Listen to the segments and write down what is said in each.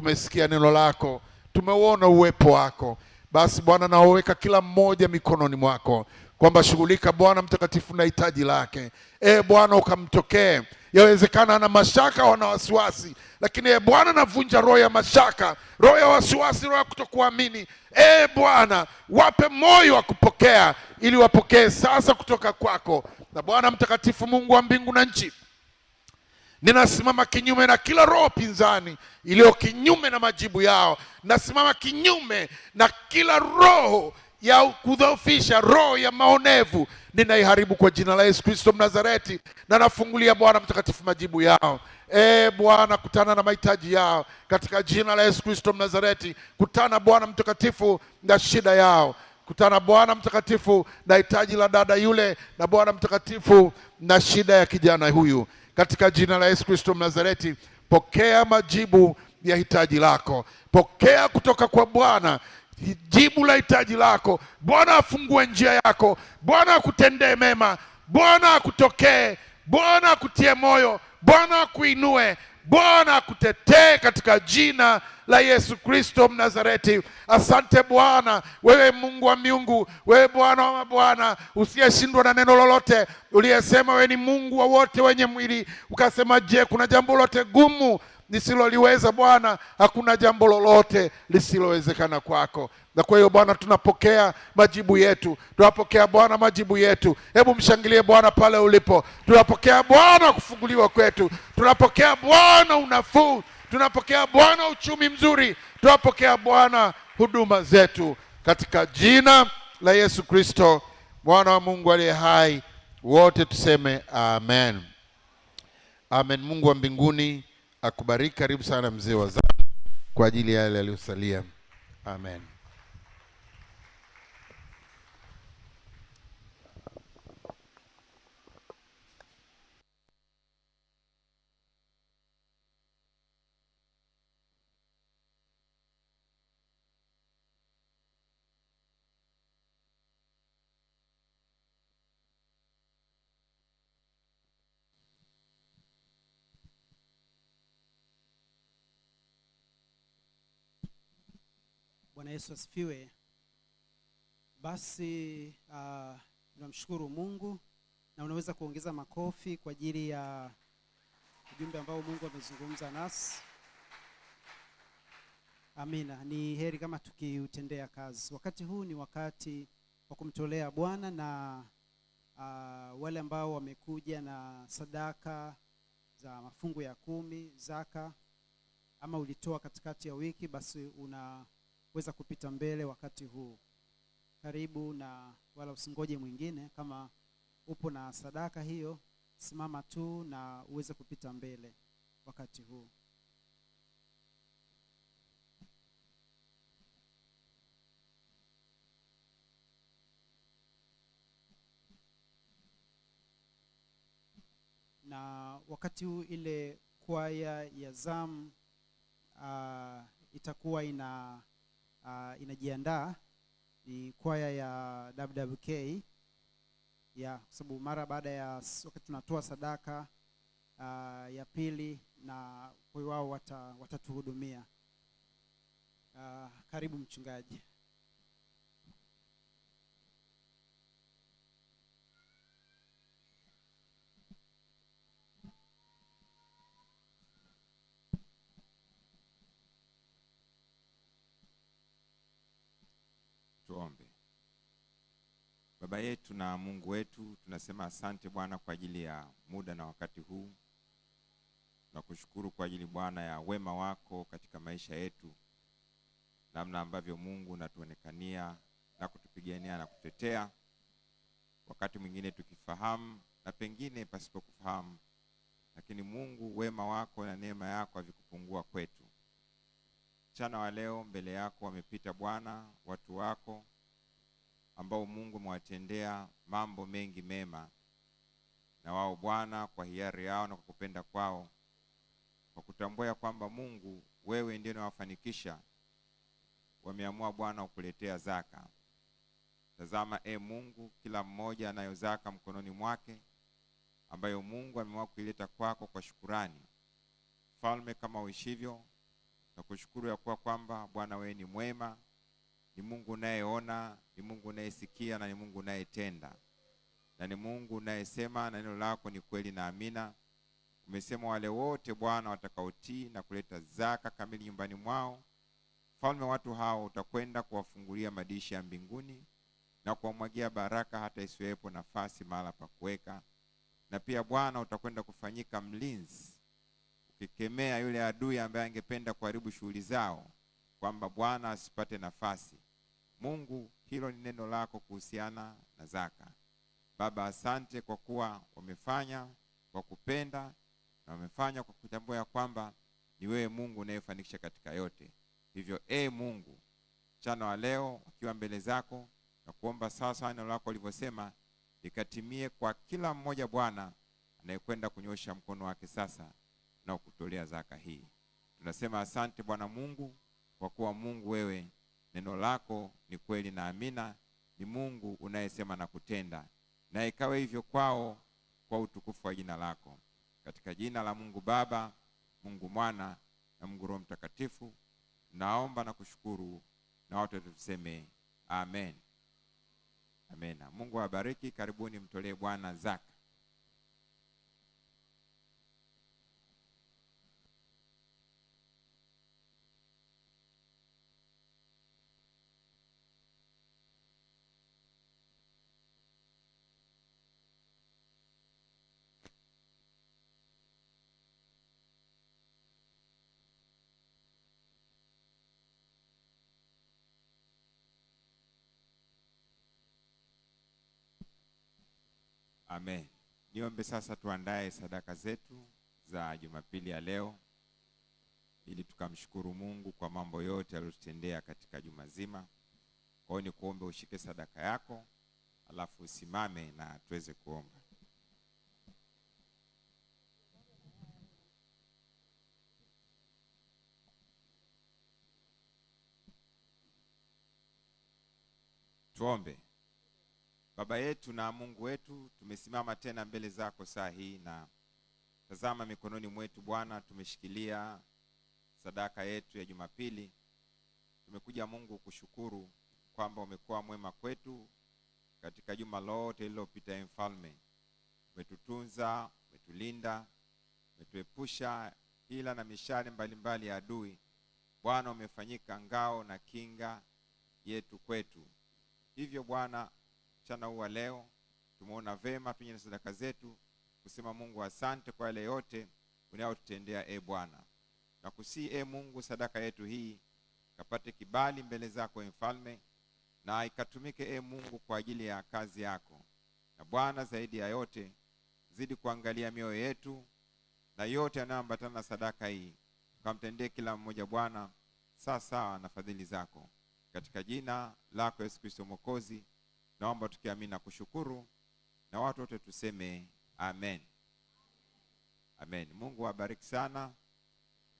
tumesikia neno lako, tumeuona uwepo wako. Basi Bwana, naoweka kila mmoja mikononi mwako, kwamba shughulika Bwana Mtakatifu na hitaji lake. E Bwana, ukamtokee. Yawezekana ana mashaka, wana wasiwasi, lakini e Bwana, navunja roho ya mashaka, roho ya wasiwasi, roho ya kutokuamini. E Bwana, wape moyo wa kupokea, ili wapokee sasa kutoka kwako. Na Bwana Mtakatifu, Mungu wa mbingu na nchi Ninasimama kinyume na kila roho pinzani iliyo kinyume na majibu yao. Nasimama kinyume na kila roho ya kudhoofisha, roho ya maonevu ninaiharibu kwa jina la Yesu Kristo Mnazareti, na nafungulia Bwana mtakatifu majibu yao. E Bwana, kutana na mahitaji yao katika jina la Yesu Kristo Mnazareti. Kutana Bwana mtakatifu na shida yao kutana Bwana mtakatifu na hitaji la dada yule, na Bwana mtakatifu na shida ya kijana huyu katika jina la Yesu Kristo Mnazareti, pokea majibu ya hitaji lako, pokea kutoka kwa Bwana jibu la hitaji lako. Bwana afungue njia yako, Bwana akutendee mema, Bwana akutokee, Bwana akutie moyo, Bwana akuinue. Bwana akutetee katika jina la Yesu Kristo Mnazareti. Asante Bwana, wewe Mungu wa miungu, wewe Bwana wa mabwana, usiyeshindwa na neno lolote, uliyesema wewe ni Mungu wa wote wenye mwili, ukasema, je, kuna jambo lote gumu nisiloliweza Bwana, hakuna jambo lolote lisilowezekana kwako. Na kwa hiyo Bwana, tunapokea majibu yetu, tunapokea Bwana majibu yetu. Hebu mshangilie Bwana pale ulipo. Tunapokea Bwana kufunguliwa kwetu, tunapokea Bwana unafuu, tunapokea Bwana uchumi mzuri, tunapokea Bwana huduma zetu katika jina la Yesu Kristo mwana wa Mungu aliye hai. Wote tuseme amen, amen. Mungu wa mbinguni akubariki. Karibu sana mzee wa zamu kwa ajili ya yale yaliyosalia. Amen. Bwana Yesu asifiwe. Basi ah, tunamshukuru uh, Mungu na unaweza kuongeza makofi kwa ajili ya ujumbe ambao Mungu amezungumza nasi. Amina. Ni heri kama tukiutendea kazi. Wakati huu ni wakati wa kumtolea Bwana na uh, wale ambao wamekuja na sadaka za mafungu ya kumi, zaka ama ulitoa katikati ya wiki, basi una kuweza kupita mbele wakati huu. Karibu na wala usingoje mwingine. Kama upo na sadaka hiyo, simama tu na uweze kupita mbele wakati huu. na wakati huu ile kwaya ya zamu uh, itakuwa ina uh, inajiandaa ni kwaya ya WWK ya kwa sababu mara baada ya wakati tunatoa sadaka uh, ya pili na kwa wao watatuhudumia. Uh, karibu mchungaji. Tuombe. Baba yetu na Mungu wetu, tunasema asante Bwana kwa ajili ya muda na wakati huu. Tunakushukuru kwa ajili Bwana ya wema wako katika maisha yetu, namna ambavyo Mungu unatuonekania na kutupigania na kutetea, wakati mwingine tukifahamu na pengine pasipokufahamu, lakini Mungu, wema wako na neema yako havikupungua kwetu. Mchana wa leo mbele yako wamepita Bwana watu wako ambao Mungu amewatendea mambo mengi mema, na wao Bwana, kwa hiari yao na kwa kupenda kwao, kwa kutambua ya kwamba Mungu wewe ndiye unawafanikisha, wameamua Bwana kukuletea zaka. Tazama e Mungu, kila mmoja anayo zaka mkononi mwake ambayo Mungu ameamua kuileta kwako kwa shukurani. Mfalme, kama uishivyo, na kushukuru ya kuwa kwamba Bwana wewe ni mwema ni Mungu unayeona, ni Mungu unayesikia na ni Mungu unayetenda na ni Mungu unayesema, na neno lako ni kweli na amina. Umesema wale wote Bwana watakaotii na kuleta zaka kamili nyumbani mwao, mfalme, watu hao utakwenda kuwafungulia madirisha ya mbinguni na kuwamwagia baraka hata isiwepo nafasi mahala pa kuweka. Na pia Bwana utakwenda kufanyika mlinzi, ukikemea yule adui ambaye angependa kuharibu shughuli zao kwamba Bwana asipate nafasi. Mungu, hilo ni neno lako kuhusiana na zaka. Baba, asante kwa kuwa wamefanya kwa kupenda na wamefanya kwa kutambua ya kwamba ni wewe Mungu unayefanikisha katika yote. Hivyo e Mungu, mchana wa leo wakiwa mbele zako na kuomba sasa neno lako ulivyosema likatimie kwa kila mmoja Bwana anayekwenda kunyosha mkono wake sasa na kutolea zaka hii. Tunasema asante Bwana Mungu kwa kuwa Mungu wewe neno lako ni kweli na amina, ni Mungu unayesema na kutenda, na ikawe hivyo kwao kwa utukufu wa jina lako, katika jina la Mungu Baba, Mungu Mwana na Mungu Roho Mtakatifu, naomba na kushukuru na wetu tuseme amen, amen. Mungu awabariki, karibuni mtolee Bwana zaka. Amen. Niombe sasa tuandae sadaka zetu za Jumapili ya leo ili tukamshukuru Mungu kwa mambo yote aliyotendea katika juma zima. Kwa hiyo ni kuombe ushike sadaka yako, alafu usimame na tuweze kuomba. Tuombe. Baba yetu na Mungu wetu, tumesimama tena mbele zako saa hii, na tazama mikononi mwetu Bwana, tumeshikilia sadaka yetu ya Jumapili. Tumekuja Mungu kushukuru kwamba umekuwa mwema kwetu katika juma lote lililopita. E Mfalme, umetutunza, umetulinda, umetuepusha hila na mishale mbalimbali ya adui. Bwana, umefanyika ngao na kinga yetu kwetu, hivyo Bwana mchana huu wa leo tumeona vema tunye na sadaka zetu kusema Mungu asante kwa yale yote unayotutendea e Bwana, na kusii e Mungu, sadaka yetu hii kapate kibali mbele zako e Mfalme, na ikatumike e Mungu kwa ajili ya kazi yako. Na Bwana, zaidi ya yote, zidi kuangalia mioyo yetu na yote yanayoambatana na sadaka hii, ukamtendee kila mmoja Bwana sawa sawa na fadhili zako, katika jina lako Yesu Kristo Mwokozi. Naomba tukiamini na kushukuru na watu wote tuseme amen, amen. Mungu awabariki sana.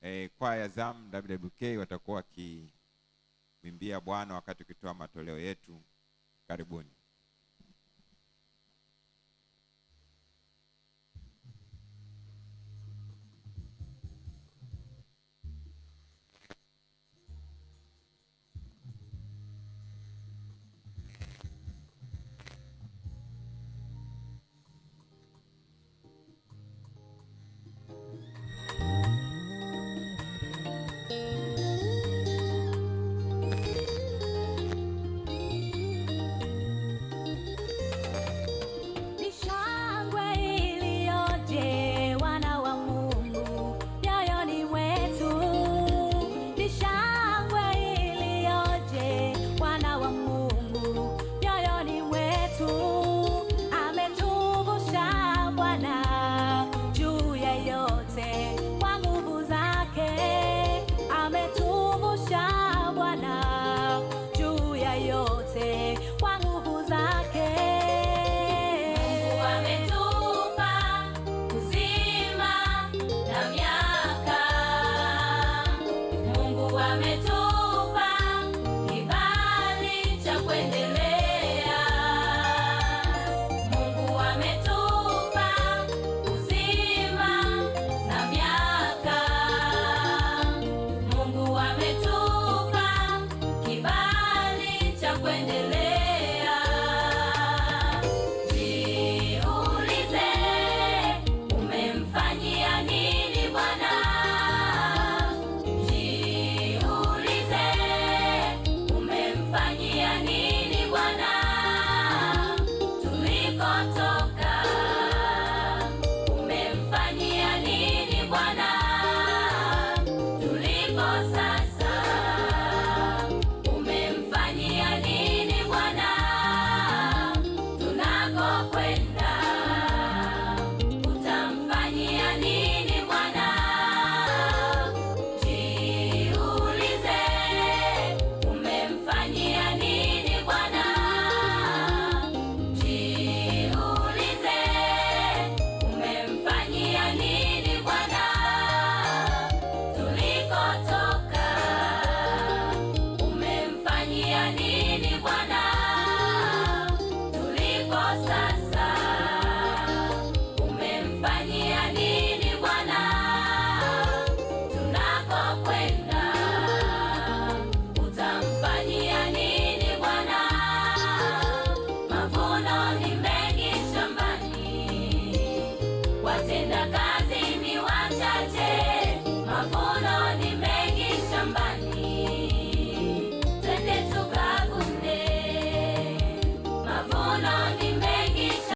E, kwaya Zam WWK watakuwa wakimwimbia Bwana wakati ukitoa matoleo yetu. Karibuni.